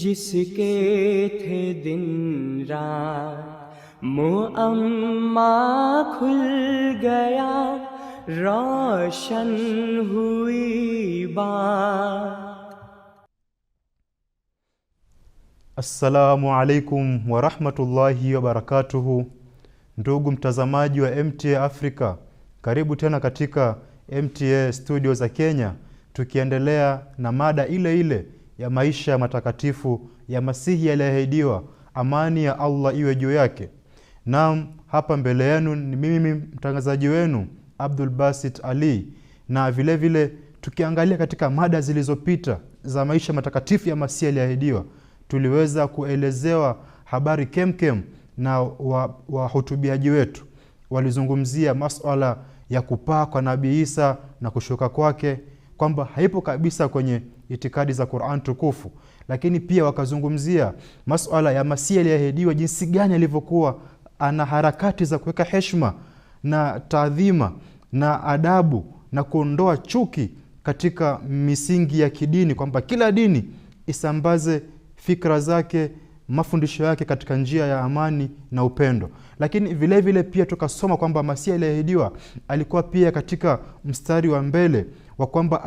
جس کے تھے دن दिन रात کھل گیا روشن ہوئی بات السلام علیکم alaikum اللہ وبرکاتہ ndugu mtazamaji wa MTA Africa, karibu tena katika MTA studio za Kenya tukiendelea na mada ile ile ya maisha ya matakatifu ya masihi yaliyeahidiwa, amani ya Allah iwe juu yake. Naam, hapa mbele yenu ni mimi mtangazaji wenu Abdul Basit Ali, na vilevile vile, tukiangalia katika mada zilizopita za maisha matakatifu ya masihi yaliyeahidiwa, tuliweza kuelezewa habari kemkem na wahutubiaji wa wetu walizungumzia maswala ya kupaa kwa Nabii Isa na kushuka kwake kwamba haipo kabisa kwenye itikadi za Qur'an tukufu, lakini pia wakazungumzia masuala ya Masihi aliyeahidiwa, jinsi gani alivyokuwa ana harakati za kuweka heshma na taadhima na adabu na kuondoa chuki katika misingi ya kidini, kwamba kila dini isambaze fikra zake mafundisho yake katika njia ya amani na upendo. Lakini vilevile vile pia tukasoma kwamba Masihi aliyeahidiwa alikuwa pia katika mstari wa mbele wa kwamba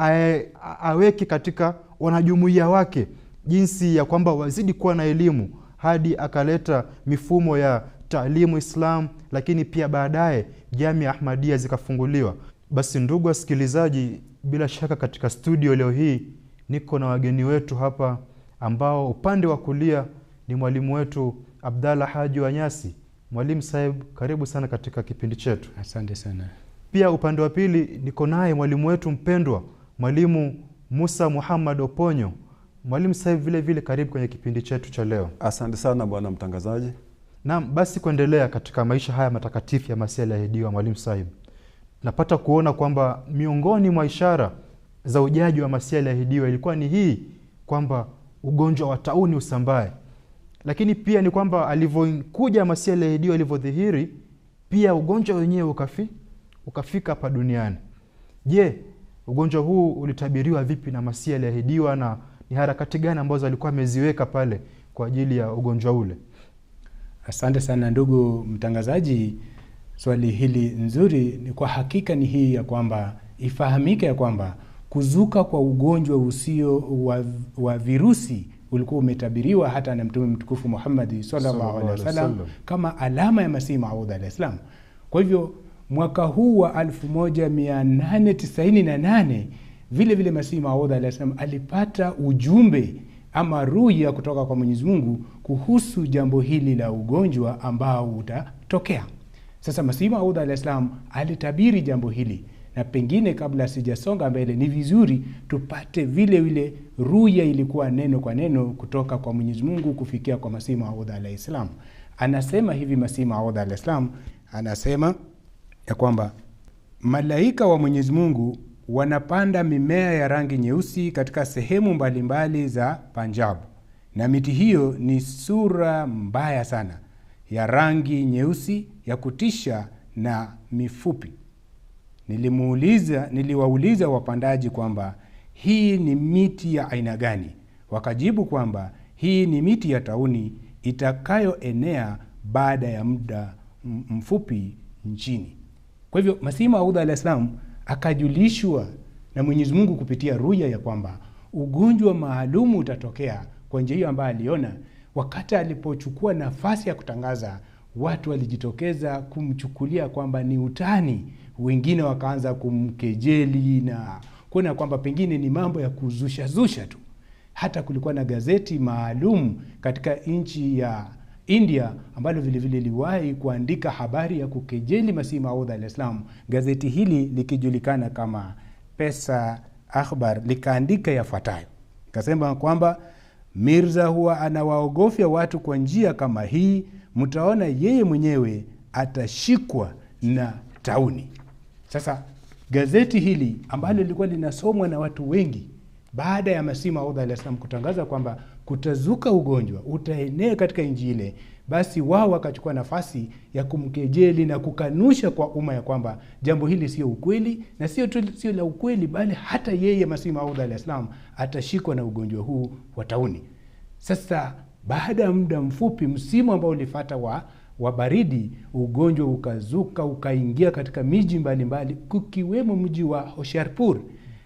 aweke katika wanajumuiya wake jinsi ya kwamba wazidi kuwa na elimu hadi akaleta mifumo ya taalimu Islam, lakini pia baadaye ya Ahmadia zikafunguliwa. Basi ndugu wasikilizaji, bila shaka katika studio leo hii niko na wageni wetu hapa ambao upande wa kulia ni mwalimu wetu Abdalla Haji Wanyasi. Mwalimu Saib, karibu sana katika kipindi chetu. Asante sana. Pia upande wa pili niko naye mwalimu wetu mpendwa, mwalimu Musa Muhammad Oponyo. Mwalimu sasa vile vile, karibu kwenye kipindi chetu cha leo. Asante sana bwana mtangazaji. Naam, basi kuendelea katika maisha haya matakatifu ya Masihi aliyeahidiwa, mwalimu sahib, napata kuona kwamba miongoni mwa ishara za ujaji wa Masihi aliyeahidiwa ilikuwa ni hii kwamba ugonjwa wa tauni usambae, lakini pia ni kwamba alivyokuja Masihi aliyeahidiwa, alivyodhihiri, pia ugonjwa wenyewe ukafi ukafika hapa duniani. Je, ugonjwa huu ulitabiriwa vipi na Masihi aliahidiwa, na ni harakati gani ambazo alikuwa ameziweka pale kwa ajili ya ugonjwa ule? Asante sana ndugu mtangazaji, swali hili nzuri. Ni kwa hakika ni hii ya kwamba ifahamike ya kwamba kuzuka kwa ugonjwa usio wa, wa virusi ulikuwa umetabiriwa hata na Mtume mtukufu muhamadi sallallahu kama alama ya Masihi Maud alaihis salam. Kwa hivyo mwaka huu wa 1898 vile vile Masihi Maudha alayhi alipata ujumbe ama ruya kutoka kwa Mwenyezi Mungu kuhusu jambo hili la ugonjwa ambao utatokea. Sasa Masihi Maudha alayhi salam alitabiri jambo hili, na pengine kabla sijasonga mbele, ni vizuri tupate vile vile ruya ilikuwa neno kwa neno kutoka kwa Mwenyezi Mungu kufikia kwa Masihi Maudha alayhi salam. Anasema hivi Masihi Maudha alayhi salam anasema ya kwamba malaika wa Mwenyezi Mungu wanapanda mimea ya rangi nyeusi katika sehemu mbalimbali za Punjab, na miti hiyo ni sura mbaya sana ya rangi nyeusi ya kutisha na mifupi. Nilimuuliza, niliwauliza wapandaji kwamba hii ni miti ya aina gani? Wakajibu kwamba hii ni miti ya tauni itakayoenea baada ya muda mfupi nchini. Kwa hivyo Masihi Maud alaihis salam akajulishwa na Mwenyezi Mungu kupitia ruya ya kwamba ugonjwa maalumu utatokea kwa njia hiyo ambayo aliona. Wakati alipochukua nafasi ya kutangaza, watu walijitokeza kumchukulia kwamba ni utani, wengine wakaanza kumkejeli na kuona kwamba pengine ni mambo ya kuzushazusha tu. Hata kulikuwa na gazeti maalum katika nchi ya India ambalo vilevile liliwahi kuandika habari ya kukejeli Masihi Maud alaihis salam, gazeti hili likijulikana kama Pesa Akhbar likaandika yafuatayo, kasema kwamba Mirza huwa anawaogofya watu kwa njia kama hii, mtaona yeye mwenyewe atashikwa na tauni. Sasa gazeti hili ambalo lilikuwa linasomwa na watu wengi baada ya Masihi Maud alaihis salam kutangaza kwamba kutazuka ugonjwa utaenea katika nji ile, basi wao wakachukua nafasi ya kumkejeli na kukanusha kwa umma ya kwamba jambo hili sio ukweli, na sio tu sio la ukweli, bali hata yeye Masihi maudha alah salaam atashikwa na ugonjwa huu wa tauni. Sasa baada ya muda mfupi, msimu ambao ulifata wa wa baridi, ugonjwa ukazuka ukaingia katika miji mbalimbali, kukiwemo mji wa hosharpur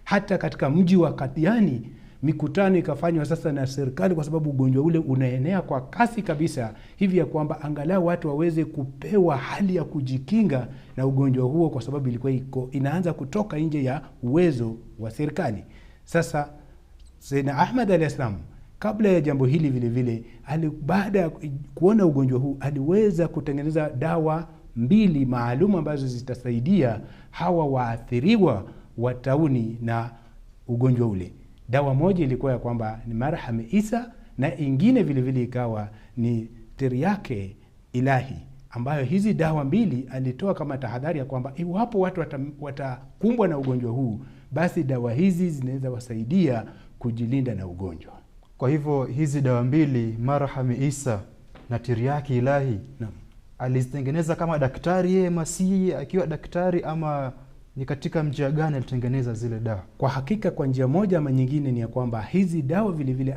hata katika mji wa Kadiani mikutano ikafanywa sasa na serikali, kwa sababu ugonjwa ule unaenea kwa kasi kabisa, hivi ya kwamba angalau watu waweze kupewa hali ya kujikinga na ugonjwa huo, kwa sababu ilikuwa iko inaanza kutoka nje ya uwezo wa serikali. Sasa Sayyidna Ahmad alaihis kabla ya jambo hili vile vile, baada ya kuona ugonjwa huu aliweza kutengeneza dawa mbili maalum ambazo zitasaidia hawa waathiriwa wa tauni na ugonjwa ule. Dawa moja ilikuwa ya kwamba ni marhami Isa na ingine vilevile ikawa ni yake ilahi, ambayo hizi dawa mbili alitoa kama tahadhari ya kwamba iwapo watu watakumbwa na ugonjwa huu, basi dawa hizi zinaweza wasaidia kujilinda na ugonjwa. Kwa hivyo hizi dawa mbili marhami Isa na yake ilahi na, alizitengeneza kama daktari yeye Masihi akiwa daktari ama ni katika njia gani alitengeneza zile dawa? Kwa hakika kwa njia moja ama nyingine ni ya kwamba hizi dawa vilevile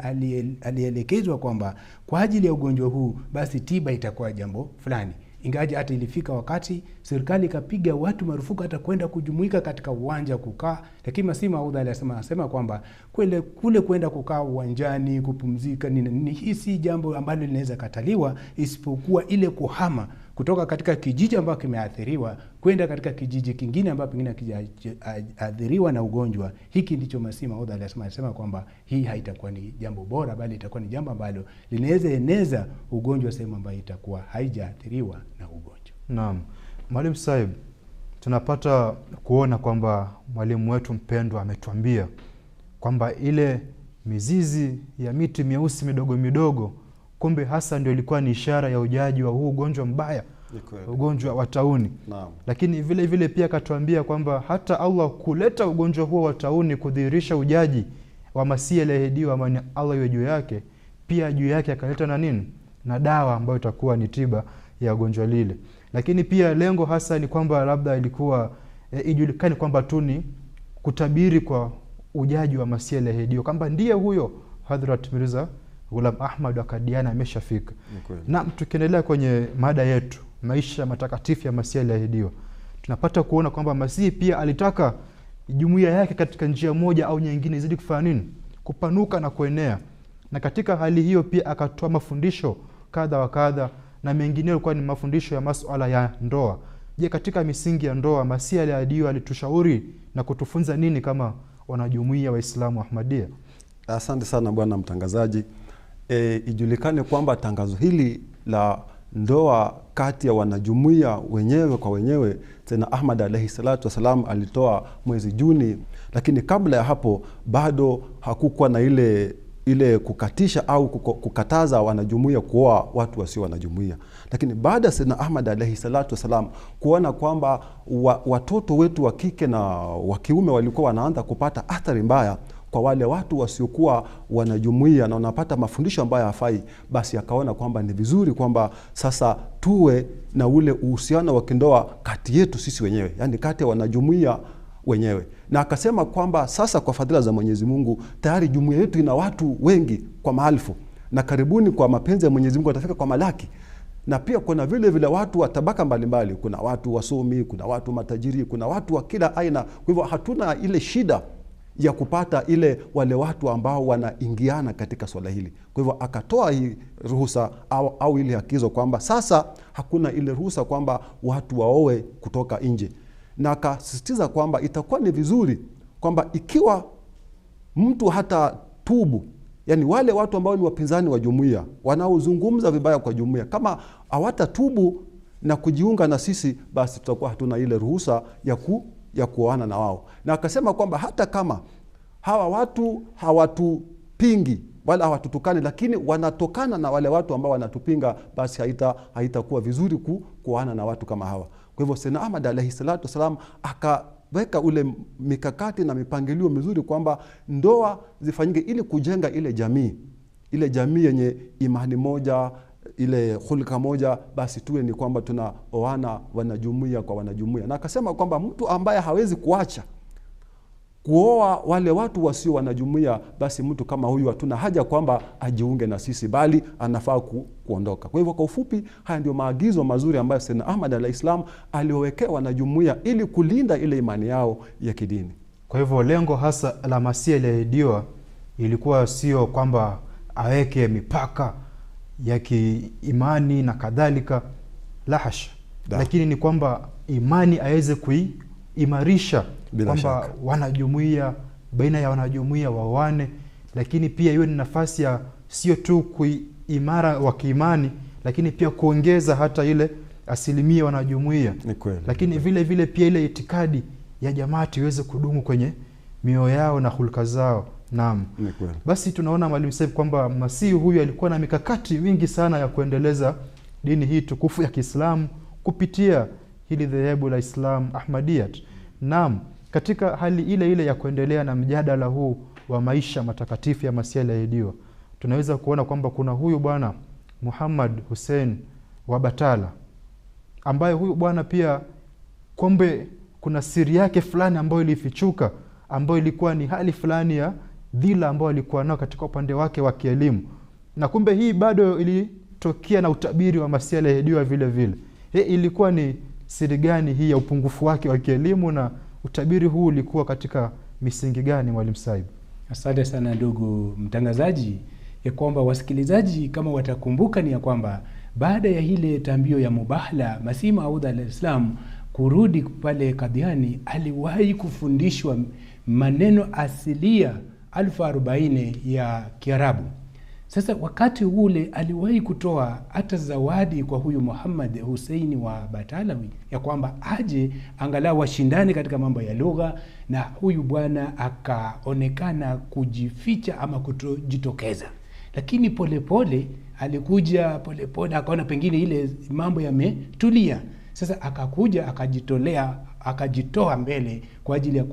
alielekezwa kwamba kwa ajili ya ugonjwa huu, basi tiba itakuwa jambo fulani ingawaje hata ilifika wakati serikali ikapiga watu marufuku hata kwenda kujumuika katika uwanja wa kukaa Hekima si maudha alisema, anasema kwamba kule kule kwenda kukaa uwanjani kupumzika nini nini, hii si jambo ambalo linaweza kataliwa, isipokuwa ile kuhama kutoka katika kijiji ambacho kimeathiriwa kwenda katika kijiji kingine ambacho pengine hakijaathiriwa na ugonjwa. Hiki ndicho Masihi Maudha alisema, anasema kwamba hii haitakuwa ni jambo bora, bali itakuwa ni jambo ambalo linaweza eneza ugonjwa sehemu ambayo itakuwa haijaathiriwa na ugonjwa. Naam, Mwalimu Saib tunapata kuona kwamba mwalimu wetu mpendwa ametuambia kwamba ile mizizi ya miti myeusi midogo midogo kumbe hasa ndio ilikuwa ni ishara ya ujaji wa huu ugonjwa mbaya ugonjwa wa tauni Lakini vile vile pia akatuambia kwamba hata Allah kuleta ugonjwa huo wa tauni kudhihirisha ujaji wa Masihi aliyeahidiwa, amani Allah iwe juu yake, pia juu yake akaleta na nini na dawa ambayo itakuwa ni tiba ya ugonjwa lile lakini pia lengo hasa ni kwamba labda ilikuwa e, eh, ijulikani kwamba tu ni kutabiri kwa ujaji wa Masihi aliyeahidiwa kwamba ndiye huyo Hadhrat Mirza Ghulam Ahmad wakadiana ameshafika. Na tukiendelea kwenye mada yetu, maisha matakatifu ya Masihi aliyeahidiwa, tunapata kuona kwamba Masihi pia alitaka jumuiya yake katika njia moja au nyingine izidi kufanya nini, kupanuka na kuenea, na katika hali hiyo pia akatoa mafundisho kadha wa kadha na mengineo ilikuwa ni mafundisho ya masuala ya ndoa. Je, katika misingi ya ndoa Masihi aliadio alitushauri na kutufunza nini kama wanajumuia Waislamu Ahmadia? Asante sana bwana mtangazaji. E, ijulikane kwamba tangazo hili la ndoa kati ya wanajumuia wenyewe kwa wenyewe tena Ahmad alaihi salatu wassalam alitoa mwezi Juni, lakini kabla ya hapo bado hakukuwa na ile ile kukatisha au kukataza wanajumuia kuoa watu wasio wanajumuia. Lakini baada ya Saidna Ahmad alaihi salatu wassalam kuona kwamba wa, watoto wetu wa kike na wa kiume walikuwa wanaanza kupata athari mbaya kwa wale watu wasiokuwa wanajumuia na wanapata mafundisho ambayo hafai, basi akaona kwamba ni vizuri kwamba sasa tuwe na ule uhusiano wa kindoa kati yetu sisi wenyewe, yani kati ya wanajumuia wenyewe, na akasema kwamba sasa kwa fadhila za Mwenyezi Mungu tayari jumuiya yetu ina watu wengi kwa maalfu na karibuni kwa mapenzi ya Mwenyezi Mungu watafika kwa malaki na pia kuna vile vile watu wa tabaka mbalimbali, kuna watu wasomi, kuna watu matajiri, kuna watu wa kila aina. Kwa hivyo hatuna ile shida ya kupata ile wale watu ambao wanaingiana katika swala hili. Kwa hivyo akatoa hii ruhusa au, au ile hakizo kwamba sasa hakuna ile ruhusa kwamba watu waowe kutoka nje na akasisitiza kwamba itakuwa ni vizuri kwamba ikiwa mtu hata tubu yani wale watu ambao ni wapinzani wa jumuiya wanaozungumza vibaya kwa jumuiya kama hawatatubu na kujiunga na sisi basi tutakuwa hatuna ile ruhusa ya, ku, ya kuoana na wao na akasema kwamba hata kama hawa watu hawatupingi wala hawatutukani lakini wanatokana na wale watu ambao wanatupinga basi haita haitakuwa vizuri ku, kuoana na watu kama hawa kwa hivyo Sayyidina Ahmad alaihi salatu wassalam akaweka ule mikakati na mipangilio mizuri kwamba ndoa zifanyike ili kujenga ile jamii, ile jamii yenye imani moja, ile hulka moja, basi tuwe ni kwamba tunaoana wanajumuia kwa wanajumuia, na akasema kwamba mtu ambaye hawezi kuacha kuoa wale watu wasio wanajumuia, basi mtu kama huyu hatuna haja kwamba ajiunge na sisi, bali anafaa ku, kuondoka. Kwa hivyo kwa ufupi, haya ndio maagizo mazuri ambayo Sayyidna Ahmad alahislam aliowekewa wanajumuia ili kulinda ile imani yao ya kidini. Kwa hivyo lengo hasa la Masihi aliahidiwa ilikuwa sio kwamba aweke mipaka ya kiimani na kadhalika, la hasha, lakini ni kwamba imani aweze kuiimarisha kwamba wanajumuia baina ya wanajumuia waoane, lakini pia hiyo ni nafasi ya sio tu kuimara wa kiimani, lakini pia kuongeza hata ile asilimia wanajumuia. Lakini Nikweli. vile vile pia ile itikadi ya jamaati iweze kudumu kwenye mioyo yao na hulka zao. Naam, basi tunaona Mwalimu sef kwamba masihi huyu alikuwa na mikakati mingi sana ya kuendeleza dini hii tukufu ya Kiislamu kupitia hili dhehebu la Islam ahmadiat Naam katika hali ile ile ya kuendelea na mjadala huu wa maisha matakatifu ya Masihi aliyeahidiwa, tunaweza kuona kwamba kuna huyu bwana Muhammad Hussein wa Batala, ambaye huyu bwana pia kumbe kuna siri yake fulani ambayo ilifichuka, ambayo ilikuwa ni hali fulani ya dhila ambayo alikuwa nao katika upande wake wa kielimu, na kumbe hii bado ilitokea na utabiri wa Masihi aliyeahidiwa vile vile. Hii ilikuwa ni siri gani hii ya upungufu wake wa kielimu na Utabiri huu ulikuwa katika misingi gani, mwalimu Saib? Asante sana ndugu mtangazaji, ya kwamba wasikilizaji kama watakumbuka ni ya kwamba baada ya ile tambio ya Mubahala Masih Maud alaihis kurudi pale Kadhiani, aliwahi kufundishwa maneno asilia elfu 40 ya Kiarabu sasa wakati ule aliwahi kutoa hata zawadi kwa huyu Muhammad Huseini wa Batalawi ya kwamba aje angalau washindane katika mambo ya lugha, na huyu bwana akaonekana kujificha ama kutojitokeza. Lakini polepole pole, alikuja polepole pole, akaona pengine ile mambo yametulia sasa, akakuja akajitolea akajitoa mbele kwa ajili ya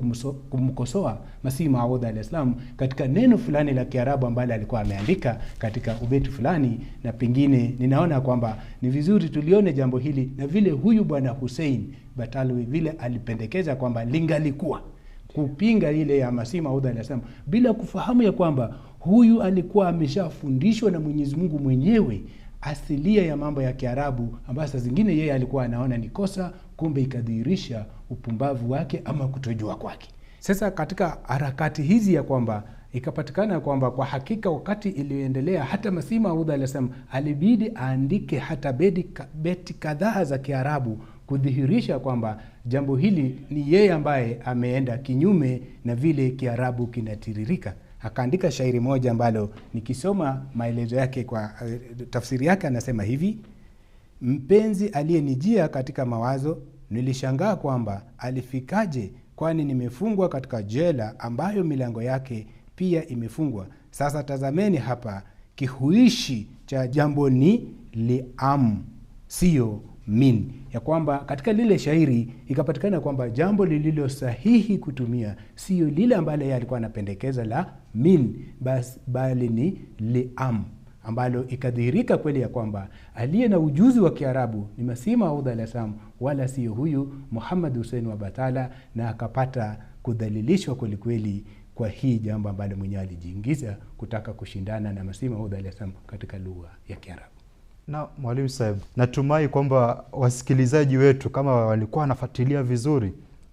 kumkosoa Masihi Maud alaihis salam katika neno fulani la Kiarabu ambalo alikuwa ameandika katika ubeti fulani, na pengine ninaona kwamba ni vizuri tulione jambo hili na vile huyu bwana Hussein Batalwi vile alipendekeza kwamba lingalikuwa kupinga ile ya Masihi Maud alaihis salam bila kufahamu ya kwamba huyu alikuwa ameshafundishwa na Mwenyezi Mungu mwenyewe asilia ya mambo ya Kiarabu ambayo saa zingine yeye alikuwa anaona ni kosa, kumbe ikadhihirisha upumbavu wake ama kutojua kwake. Sasa katika harakati hizi ya kwamba ikapatikana kwamba kwa hakika wakati iliyoendelea hata Masihi Maud alisema alibidi aandike hata beti kadhaa za Kiarabu kudhihirisha kwamba jambo hili ni yeye ambaye ameenda kinyume na vile Kiarabu kinatiririka. Akaandika shairi moja ambalo nikisoma maelezo yake kwa eh, tafsiri yake, anasema hivi: mpenzi aliyenijia katika mawazo Nilishangaa kwamba alifikaje, kwani nimefungwa katika jela ambayo milango yake pia imefungwa. Sasa tazameni hapa, kihuishi cha jambo ni liam, siyo min, ya kwamba katika lile shairi ikapatikana kwamba jambo lililo sahihi kutumia siyo lile ambalo yeye alikuwa anapendekeza la min bas, bali ni liam ambalo ikadhihirika kweli ya kwamba aliye na ujuzi wa Kiarabu ni Masihi Maud alaihis salaam, wala siyo huyu Muhammad Hussein wa Batala, na akapata kudhalilishwa kwelikweli kwa hii jambo ambalo mwenyewe alijiingiza kutaka kushindana na Masihi Maud alaihis salaam katika lugha ya Kiarabu. Na mwalimu sahib, natumai kwamba wasikilizaji wetu kama walikuwa wanafuatilia vizuri,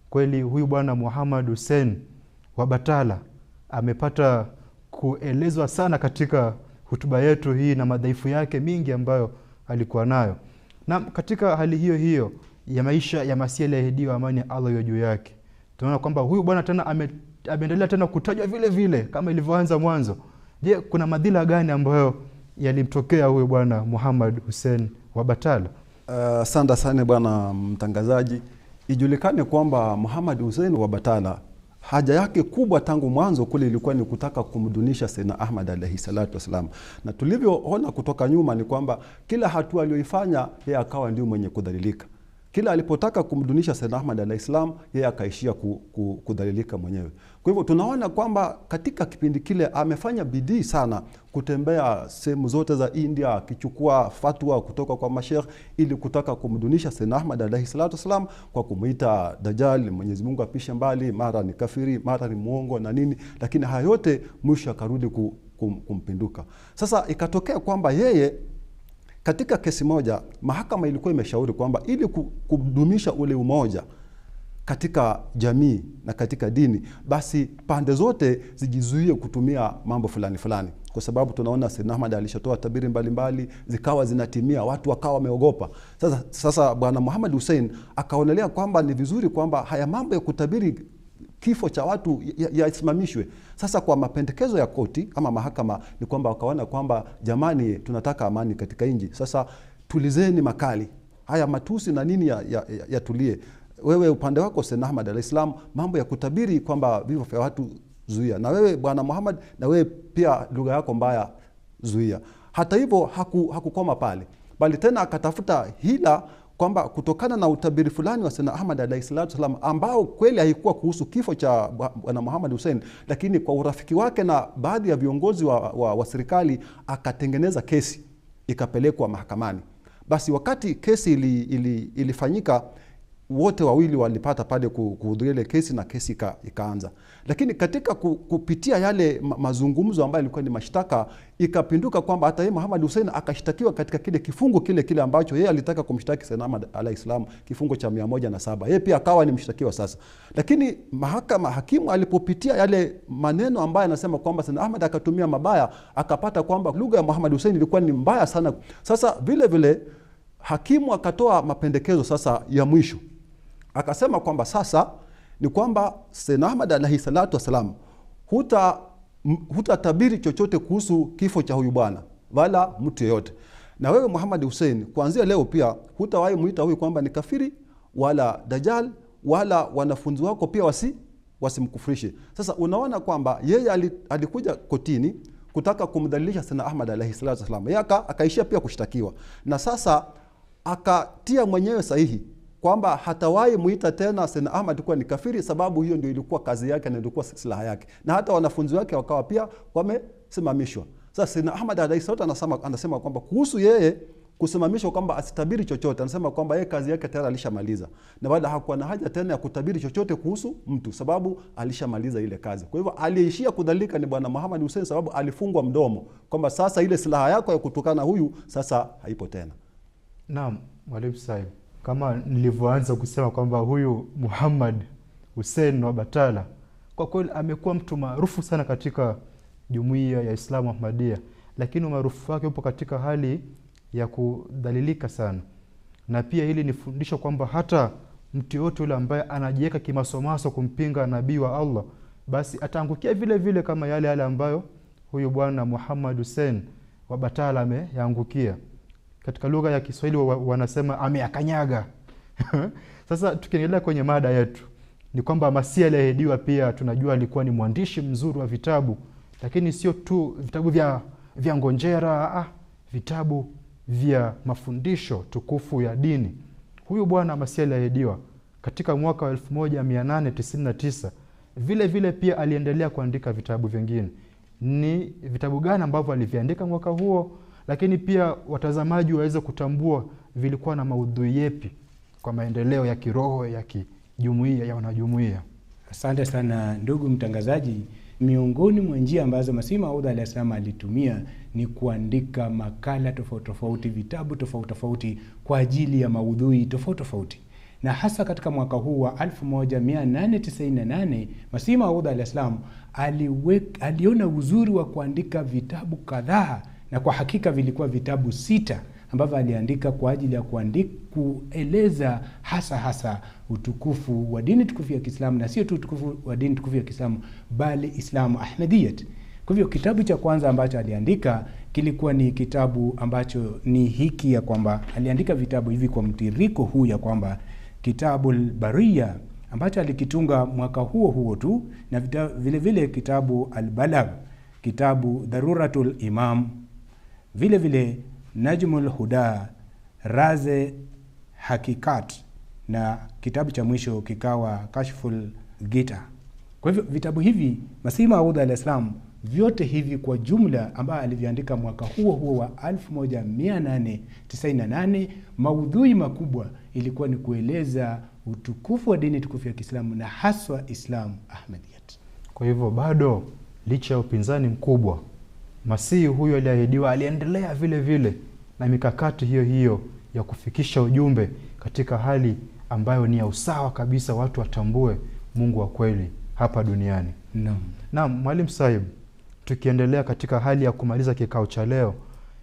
kweli huyu bwana Muhammad Hussein wa Batala amepata kuelezwa sana katika hutuba yetu hii na madhaifu yake mingi ambayo alikuwa nayo. Na katika hali hiyo hiyo ya maisha ya Masihi aliyeahidiwa, amani ya Allah iwe juu yake, tunaona kwamba huyu bwana tena ameendelea tena kutajwa vile vile kama ilivyoanza mwanzo. Je, kuna madhila gani ambayo yalimtokea huyu bwana Muhammad Hussein Wabatala? Uh, asante uh, sana bwana mtangazaji. Ijulikane kwamba Muhammad Hussein Wabatala haja yake kubwa tangu mwanzo kule ilikuwa ni kutaka kumdunisha Sayyidina Ahmad alaihi salatu wassalam, na tulivyoona kutoka nyuma ni kwamba kila hatua aliyoifanya yeye akawa ndio mwenye kudhalilika. Kila alipotaka kumdunisha Sayyidna Ahmad alaihis salam, yeye akaishia kudhalilika mwenyewe. Kwa hivyo tunaona kwamba katika kipindi kile amefanya bidii sana kutembea sehemu zote za India akichukua fatwa kutoka kwa mashekh ili kutaka kumdunisha Sayyidna Ahmad alaihi salatu wassalam kwa kumuita dajali Mwenyezi Mungu apishe mbali, mara ni kafiri, mara ni muongo na nini, lakini haya yote mwisho akarudi kumpinduka. Sasa ikatokea kwamba yeye katika kesi moja mahakama ilikuwa imeshauri kwamba ili kudumisha ule umoja katika jamii na katika dini, basi pande zote zijizuie kutumia mambo fulani fulani, kwa sababu tunaona Sayyidna Ahmad alishatoa tabiri mbalimbali mbali, zikawa zinatimia, watu wakawa wameogopa. Sasa, sasa Bwana Muhammad Hussein akaonelea kwamba ni vizuri kwamba haya mambo ya kutabiri kifo cha watu yasimamishwe. Ya Sasa kwa mapendekezo ya koti ama mahakama ni kwamba wakaona kwamba jamani, tunataka amani katika nji Sasa tulizeni makali haya matusi na nini yatulie. Ya, ya, ya wewe upande wako senahmad alahislam mambo ya kutabiri kwamba vifo vya watu zuia, na wewe bwana muhamad na wewe pia lugha yako mbaya zuia. Hata hivyo haku, hakukoma pale, bali tena akatafuta hila kwamba kutokana na utabiri fulani wa sena Ahmad alayhi salatu ambao kweli haikuwa kuhusu kifo cha bwana Muhammad Hussein, lakini kwa urafiki wake na baadhi ya viongozi wa, wa, wa serikali akatengeneza kesi ikapelekwa mahakamani. Basi wakati kesi ilifanyika ili, ilifanyika, wote wawili walipata pale kuhudhuria ile kesi na kesi ikaanza. Lakini katika kupitia yale mazungumzo ambayo ilikuwa ni mashtaka, ikapinduka kwamba hata yeye Muhammad Hussein akashtakiwa katika kile kifungo kile kile ambacho yeye alitaka kumshtaki Sayyidna alayhi salam, kifungo cha 107 Yeye pia akawa ni mshtakiwa sasa. Lakini mahakama, hakimu alipopitia yale maneno ambayo anasema kwamba Sayyidna Ahmad akatumia mabaya, akapata kwamba lugha ya Muhammad Hussein ilikuwa ni mbaya sana. Sasa vile vile hakimu akatoa mapendekezo sasa ya mwisho Akasema kwamba sasa ni kwamba Sayyidna Ahmad alaihi salatu wassalam huta hutatabiri chochote kuhusu kifo cha huyu bwana wala mtu yeyote. Na wewe Muhammad Hussein, kuanzia leo pia hutawahi muita huyu kwamba ni kafiri wala dajal wala wanafunzi wako pia wasi wasimkufurishe. Sasa unaona kwamba yeye alikuja kotini kutaka kumdhalilisha sana Ahmad alaihi salatu wasalam, yeye akaishia pia kushtakiwa na sasa akatia mwenyewe sahihi kwamba hatawahi muita tena Sen Ahmad kuwa ni kafiri, sababu hiyo ndio ilikuwa kazi yake na ilikuwa silaha yake, na hata wanafunzi wake wakawa pia wamesimamishwa. Sasa Sen Ahmad alayhi salatu anasema, anasema kwamba kuhusu yeye kusimamishwa kwamba asitabiri chochote. Anasema kwamba yeye kazi yake tayari alishamaliza, na wala hakuwa na haja tena ya kutabiri chochote kuhusu mtu, sababu alishamaliza ile kazi. Kwa hivyo aliyeishia kudhalika ni bwana Muhammad Hussein, sababu alifungwa mdomo kwamba sasa ile silaha yako ya kutukana huyu sasa haipo tena. Naam, mwalimu Said kama nilivyoanza kusema kwamba huyu Muhammad wa Wabatala kwa kweli amekuwa mtu maarufu sana katika jumuiya ya Islamu ahmadia lakini umaarufu wake upo katika hali ya kudhalilika sana. Na pia hili ni fundisho kwamba hata mtu yoyote yule ambaye anajiweka kimasomaso kumpinga nabii wa Allah, basi ataangukia vile vile kama yale yale ambayo huyu bwana Muhammad wa Wabatala ameyaangukia katika lugha ya Kiswahili wanasema ameakanyaga. Sasa tukiendelea kwenye mada yetu, ni kwamba masia aliyeahidiwa pia tunajua alikuwa ni mwandishi mzuri wa vitabu, lakini sio tu vitabu vya, vya ngonjera ah, vitabu vya mafundisho tukufu ya dini. Huyu bwana masia aliyeahidiwa katika mwaka wa 1899 vile vile pia aliendelea kuandika vitabu vingine. Ni vitabu gani ambavyo aliviandika mwaka huo? lakini pia watazamaji waweze kutambua vilikuwa na maudhui yepi kwa maendeleo ya kiroho ya kijumuia ya wanajumuia Asante sana ndugu mtangazaji. Miongoni mwa njia ambazo Masihi Maud alaihis alitumia ni kuandika makala tofauti tofauti, vitabu tofauti tofauti kwa ajili ya maudhui tofauti tofauti, na hasa katika mwaka huu wa 1898 Masihi Maud alaihis aliona uzuri wa kuandika vitabu kadhaa na kwa hakika vilikuwa vitabu sita ambavyo aliandika kwa ajili ya kuandika kueleza hasa hasa utukufu wa dini tukufu ya Kiislamu, na sio tu utukufu wa dini tukufu ya Kiislamu bali Islamu Ahmadiyat. Kwa hivyo kitabu cha kwanza ambacho aliandika kilikuwa ni kitabu ambacho ni hiki ya kwamba aliandika vitabu hivi kwa mtiriko huu ya kwamba Kitabul Bariya ambacho alikitunga mwaka huo huo tu, na vile vile kitabu Albalagh, kitabu Daruratul Imam vile vile Najmul Huda, Raze Hakikat na kitabu cha mwisho kikawa Kashful Gita. Kwa hivyo vitabu hivi Masihi Maud alaihis salam vyote hivi kwa jumla ambayo alivyoandika mwaka huo huo wa 1898 maudhui makubwa ilikuwa ni kueleza utukufu wa dini tukufu ya Kiislamu na haswa Islamu Ahmadiyat. Kwa hivyo bado licha ya upinzani mkubwa Masihi huyo aliahidiwa aliendelea vile vile na mikakati hiyo hiyo ya kufikisha ujumbe katika hali ambayo ni ya usawa kabisa, watu watambue Mungu wa kweli hapa duniani. Naam, na, Mwalimu saib tukiendelea katika hali ya kumaliza kikao cha leo,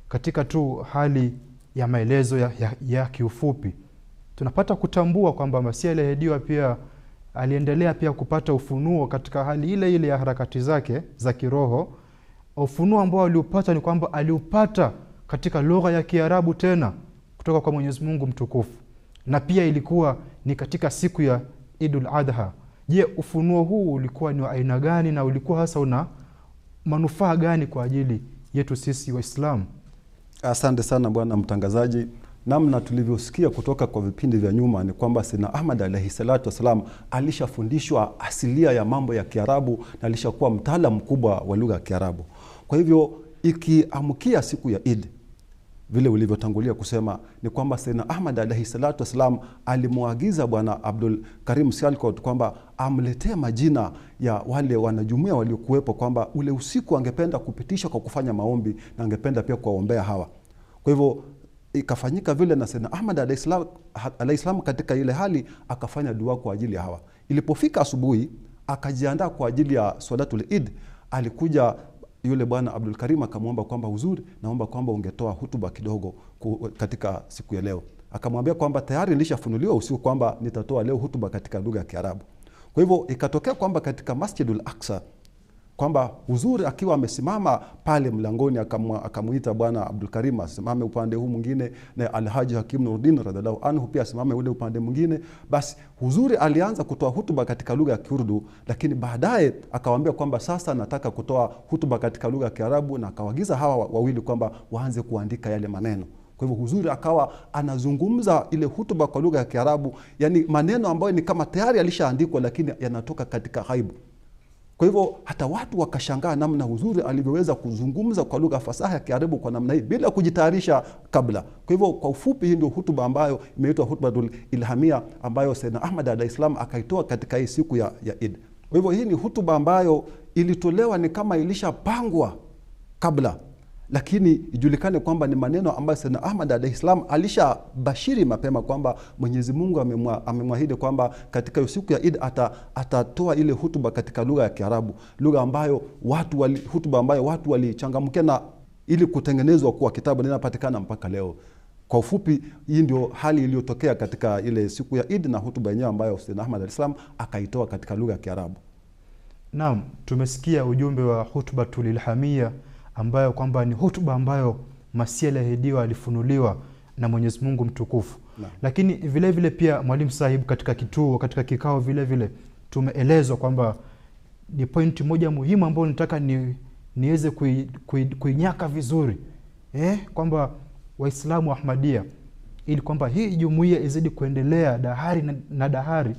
katika tu hali ya maelezo ya, ya, ya kiufupi, tunapata kutambua kwamba Masihi aliahidiwa pia aliendelea pia kupata ufunuo katika hali ile ile ya harakati zake za kiroho ufunuo ambao aliupata ni kwamba aliupata katika lugha ya Kiarabu tena kutoka kwa Mwenyezi Mungu mtukufu, na pia ilikuwa ni katika siku ya Idul Adha. Je, ufunuo huu ulikuwa ni wa aina gani na ulikuwa hasa una manufaa gani kwa ajili yetu sisi Waislamu? Asante sana bwana mtangazaji. Namna tulivyosikia kutoka kwa vipindi vya nyuma ni kwamba sina Ahmad alaihi salatu wassalam alishafundishwa asilia ya mambo ya Kiarabu na alishakuwa mtaalamu mkubwa wa lugha ya Kiarabu. Kwa hivyo ikiamkia siku ya Idi, vile ulivyotangulia kusema ni kwamba sena Ahmad alaihi salatu wassalam alimwagiza Bwana Abdul Karim Sialkot kwamba amletee majina ya wale wanajumuia waliokuwepo, kwamba ule usiku angependa kupitisha kwa kufanya maombi na angependa pia kuwaombea hawa. Kwa hivyo ikafanyika vile, na sena Ahmad alaihi salam katika ile hali akafanya dua kwa ajili ya hawa. Ilipofika asubuhi, akajiandaa kwa ajili ya swalatul Alikuja yule bwana Abdul Karim akamwomba kwamba uzuri, naomba kwamba ungetoa hutuba kidogo ku, katika siku ya leo. Akamwambia kwamba tayari nilishafunuliwa usiku kwamba nitatoa leo hutuba katika lugha ya Kiarabu. Kwa hivyo ikatokea kwamba katika Masjidul Aqsa kwamba uzuri akiwa amesimama pale mlangoni akamuita bwana Abdulkarim asimame upande huu mwingine, na Alhaji Hakim nurdin radhiallahu anhu pia asimame ule upande mwingine. Basi Huzuri alianza kutoa hutuba katika lugha ya Kiurdu, lakini baadaye akawaambia kwamba sasa nataka kutoa hutuba katika lugha ya Kiarabu, na akawagiza hawa wawili kwamba waanze kuandika yale maneno. Kwa hivyo Huzuri akawa anazungumza ile hutuba kwa lugha ya Kiarabu, yani maneno ambayo ni kama tayari yalishaandikwa, lakini yanatoka katika haibu kwa hivyo hata watu wakashangaa namna uzuri alivyoweza kuzungumza kwa lugha fasaha ya Kiarabu kwa namna hii bila kujitayarisha kabla. Kwa hivyo kwa ufupi, hii ndio hutuba ambayo imeitwa hutbatul Ilhamia ambayo Sayyidna Ahmad alahislam akaitoa katika hii siku ya, ya Id. Kwa hivyo hii ni hutuba ambayo ilitolewa ni kama ilishapangwa kabla lakini ijulikane kwamba ni maneno ambayo Sayyidna Ahmad alayhi salam alishabashiri mapema kwamba Mwenyezi Mungu amemwahidi kwamba katika siku ya Eid ata, atatoa ile hutuba katika lugha ya Kiarabu, lugha ambayo watu wali, hutuba ambayo watu walichangamkia na ili kutengenezwa kuwa kitabu linapatikana mpaka leo. Kwa ufupi, hii ndio hali iliyotokea katika ile siku ya Eid na hutuba yenyewe ambayo Sayyidna Ahmad alayhi salam akaitoa katika lugha ya Kiarabu. Naam, tumesikia ujumbe wa hutubatulilhamia ambayo kwamba ni hutuba ambayo Masihi aliahidiwa alifunuliwa na Mwenyezi Mungu mtukufu na. Lakini vilevile vile pia mwalimu sahibu, katika kituo katika kikao vilevile tumeelezwa kwamba ni pointi moja muhimu ambayo nataka ni, niweze kuinyaka kui, vizuri eh, kwamba Waislamu wa Ahmadia ili kwamba hii jumuiya izidi kuendelea dahari na, na dahari,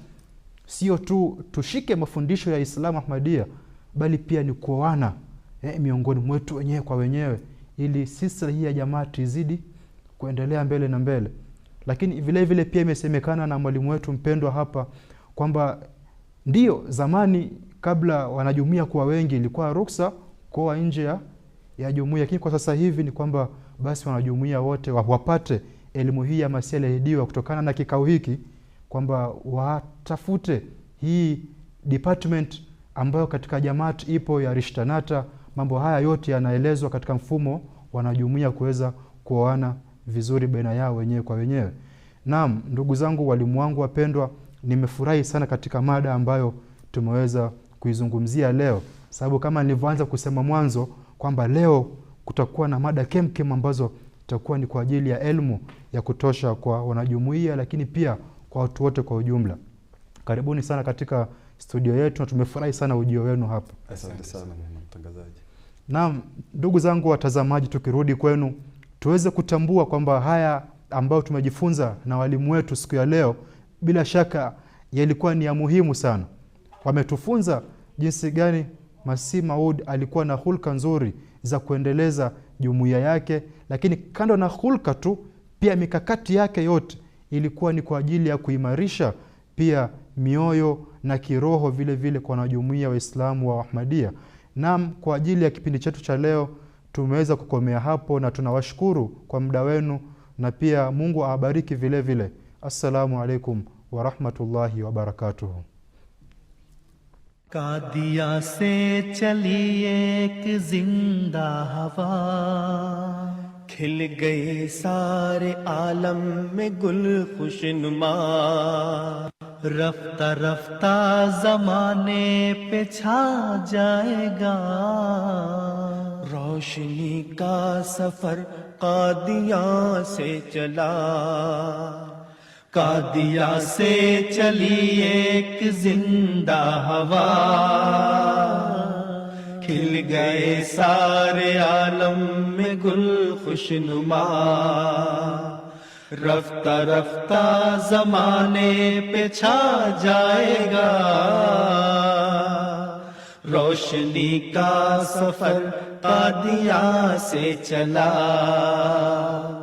sio tu tushike mafundisho ya Islamu Ahmadia bali pia ni kuoana eh, miongoni mwetu wenyewe kwa wenyewe, ili silsila hii ya jamaa tuzidi kuendelea mbele na mbele. Lakini vile vile pia imesemekana na mwalimu wetu mpendwa hapa kwamba ndio zamani kabla wanajumuia kuwa wengi ilikuwa ruksa kuoa nje ya, ya jumuia, lakini kwa sasa hivi ni kwamba basi wanajumuia wote wapate elimu hii ya masia yaliahidiwa kutokana na kikao hiki, kwamba watafute hii department ambayo katika jamaat ipo ya Rishtanata Mambo haya yote yanaelezwa katika mfumo wanajumuia kuweza kuoana vizuri baina yao wenyewe kwa wenyewe. Naam, ndugu zangu, walimu wangu wapendwa, nimefurahi sana katika mada ambayo tumeweza kuizungumzia leo, sababu kama nilivyoanza kusema mwanzo kwamba leo kutakuwa na mada kemkem ambazo itakuwa ni kwa ajili ya elmu ya kutosha kwa wanajumuia, lakini pia kwa watu wote kwa ujumla. Karibuni sana katika studio yetu na tumefurahi sana ujio wenu hapa. Asante sana mtangazaji. Naam, ndugu zangu watazamaji, tukirudi kwenu tuweze kutambua kwamba haya ambayo tumejifunza na walimu wetu siku ya leo, bila shaka yalikuwa ni ya muhimu sana. Wametufunza jinsi gani Masihi Maud alikuwa na hulka nzuri za kuendeleza jumuiya yake, lakini kando na hulka tu, pia mikakati yake yote ilikuwa ni kwa ajili ya kuimarisha pia mioyo na kiroho vile vile kwa wanajumuiya Waislamu wa Ahmadia. Naam, kwa ajili ya kipindi chetu cha leo tumeweza kukomea hapo, na tunawashukuru kwa muda wenu, na pia Mungu awabariki vilevile Assalamu alaikum warahmatullahi wabarakatuhu. Qadian से चली एक जिंदा हवा खिल गए رفتہ رفتہ زمانے پہ چھا جائے گا روشنی کا سفر قادیاں سے چلا کا سے چلی ایک زندہ ہوا کھل گئے سارے عالم میں گل خوش نما رفتہ رفتہ زمانے پہ چھا جائے گا روشنی کا سفر قادیاں سے چلا